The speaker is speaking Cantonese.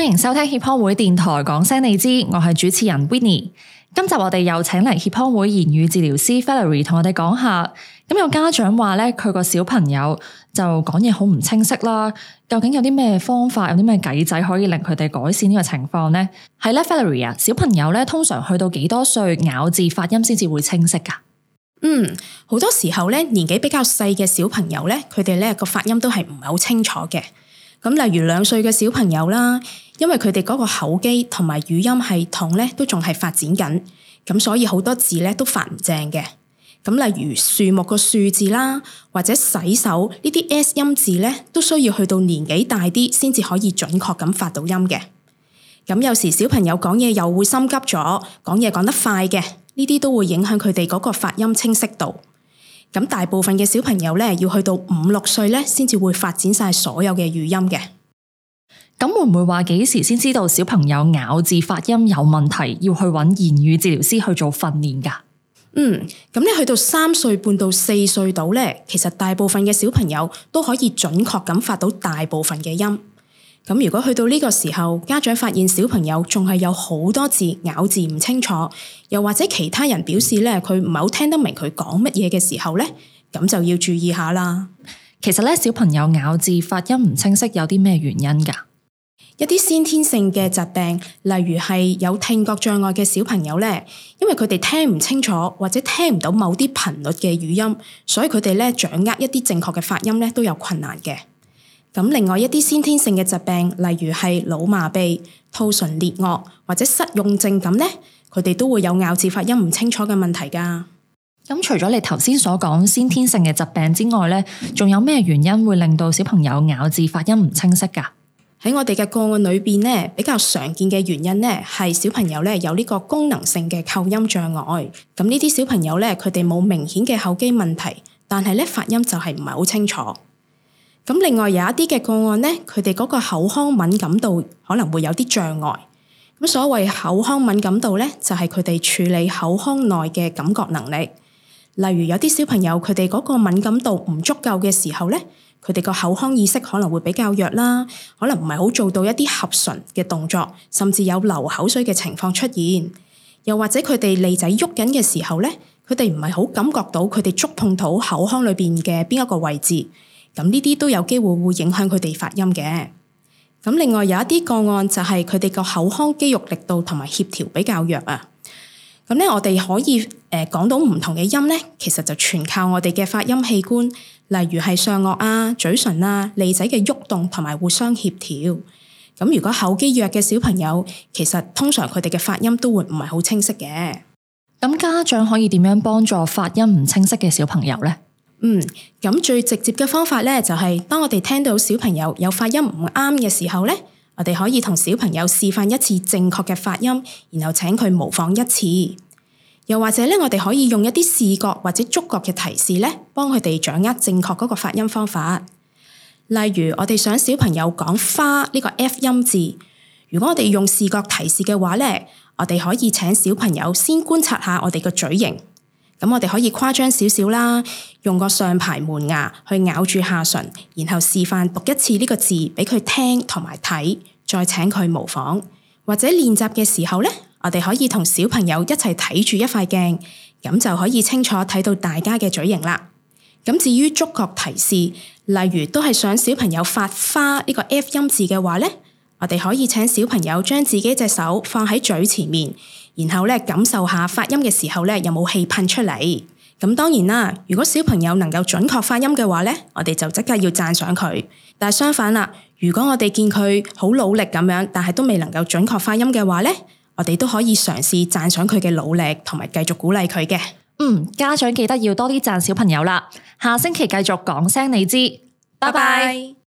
歡迎收聽協康會電台，講聲你知，我係主持人 Winnie。今集我哋又請嚟協康會言語治療師 Valerie 同我哋講下。咁有家長話咧，佢個小朋友就講嘢好唔清晰啦。究竟有啲咩方法，有啲咩計仔可以令佢哋改善呢個情況呢？係咧 Valerie 啊，ary, 小朋友咧通常去到幾多歲咬字發音先至會清晰噶？嗯，好多時候咧年紀比較細嘅小朋友咧，佢哋咧個發音都係唔係好清楚嘅。咁例如兩歲嘅小朋友啦。因為佢哋嗰個口肌同埋語音系統咧，都仲係發展緊，咁所以好多字咧都發唔正嘅。咁例如樹木個樹字啦，或者洗手呢啲 S 音字咧，都需要去到年紀大啲先至可以準確咁發到音嘅。咁有時小朋友講嘢又會心急咗，講嘢講得快嘅，呢啲都會影響佢哋嗰個發音清晰度。咁大部分嘅小朋友咧，要去到五六歲咧，先至會發展晒所有嘅語音嘅。咁會唔會話幾時先知道小朋友咬字發音有問題，要去揾言語治療師去做訓練噶？嗯，咁你去到三歲半到四歲度呢，其實大部分嘅小朋友都可以準確咁發到大部分嘅音。咁如果去到呢個時候，家長發現小朋友仲係有好多字咬字唔清楚，又或者其他人表示咧佢唔係好聽得明佢講乜嘢嘅時候呢，咁就要注意下啦。其實咧，小朋友咬字發音唔清晰有啲咩原因噶？一啲先天性嘅疾病，例如係有聽覺障礙嘅小朋友呢，因為佢哋聽唔清楚或者聽唔到某啲頻率嘅語音，所以佢哋咧掌握一啲正確嘅發音咧都有困難嘅。咁另外一啲先天性嘅疾病，例如係腦麻痹、兔唇裂腭，或者失用症咁呢，佢哋都會有咬字發音唔清楚嘅問題㗎。咁除咗你頭先所講先天性嘅疾病之外呢，仲有咩原因會令到小朋友咬字發音唔清晰㗎？喺我哋嘅個案裏邊咧，比較常見嘅原因咧，係小朋友咧有呢個功能性嘅構音障礙。咁呢啲小朋友咧，佢哋冇明顯嘅口肌問題，但係咧發音就係唔係好清楚。咁另外有一啲嘅個案咧，佢哋嗰個口腔敏感度可能會有啲障礙。咁所謂口腔敏感度咧，就係佢哋處理口腔內嘅感覺能力。例如有啲小朋友佢哋嗰個敏感度唔足夠嘅時候咧。佢哋個口腔意識可能會比較弱啦，可能唔係好做到一啲合唇嘅動作，甚至有流口水嘅情況出現。又或者佢哋脷仔喐緊嘅時候咧，佢哋唔係好感覺到佢哋觸碰到口腔裏邊嘅邊一個位置。咁呢啲都有機會會影響佢哋發音嘅。咁另外有一啲個案就係佢哋個口腔肌肉力度同埋協調比較弱啊。咁咧，那我哋可以誒、呃、講到唔同嘅音呢，其實就全靠我哋嘅發音器官，例如係上顎啊、嘴唇啊、脷仔嘅喐動同埋互相協調。咁如果口肌弱嘅小朋友，其實通常佢哋嘅發音都會唔係好清晰嘅。咁家長可以點樣幫助發音唔清晰嘅小朋友呢？嗯，咁最直接嘅方法呢，就係、是、當我哋聽到小朋友有發音唔啱嘅時候呢。我哋可以同小朋友示範一次正確嘅發音，然後請佢模仿一次。又或者咧，我哋可以用一啲視覺或者觸覺嘅提示咧，幫佢哋掌握正確嗰個發音方法。例如，我哋想小朋友講花呢個 F 音字，如果我哋用視覺提示嘅話咧，我哋可以請小朋友先觀察下我哋個嘴型。咁我哋可以誇張少少啦，用個上排門牙去咬住下唇，然後示範讀一次呢個字俾佢聽同埋睇。再請佢模仿，或者練習嘅時候咧，我哋可以同小朋友一齊睇住一塊鏡，咁就可以清楚睇到大家嘅嘴型啦。咁至於觸覺提示，例如都係想小朋友發花呢個 F 音字嘅話咧，我哋可以請小朋友將自己隻手放喺嘴前面，然後咧感受下發音嘅時候咧有冇氣噴出嚟。咁當然啦，如果小朋友能夠準確發音嘅話咧，我哋就即刻要讚賞佢。但係相反啦。如果我哋見佢好努力咁樣，但係都未能夠準確發音嘅話呢，我哋都可以嘗試讚賞佢嘅努力，同埋繼續鼓勵佢嘅。嗯，家長記得要多啲讚小朋友啦。下星期繼續講聲你知，拜拜。Bye bye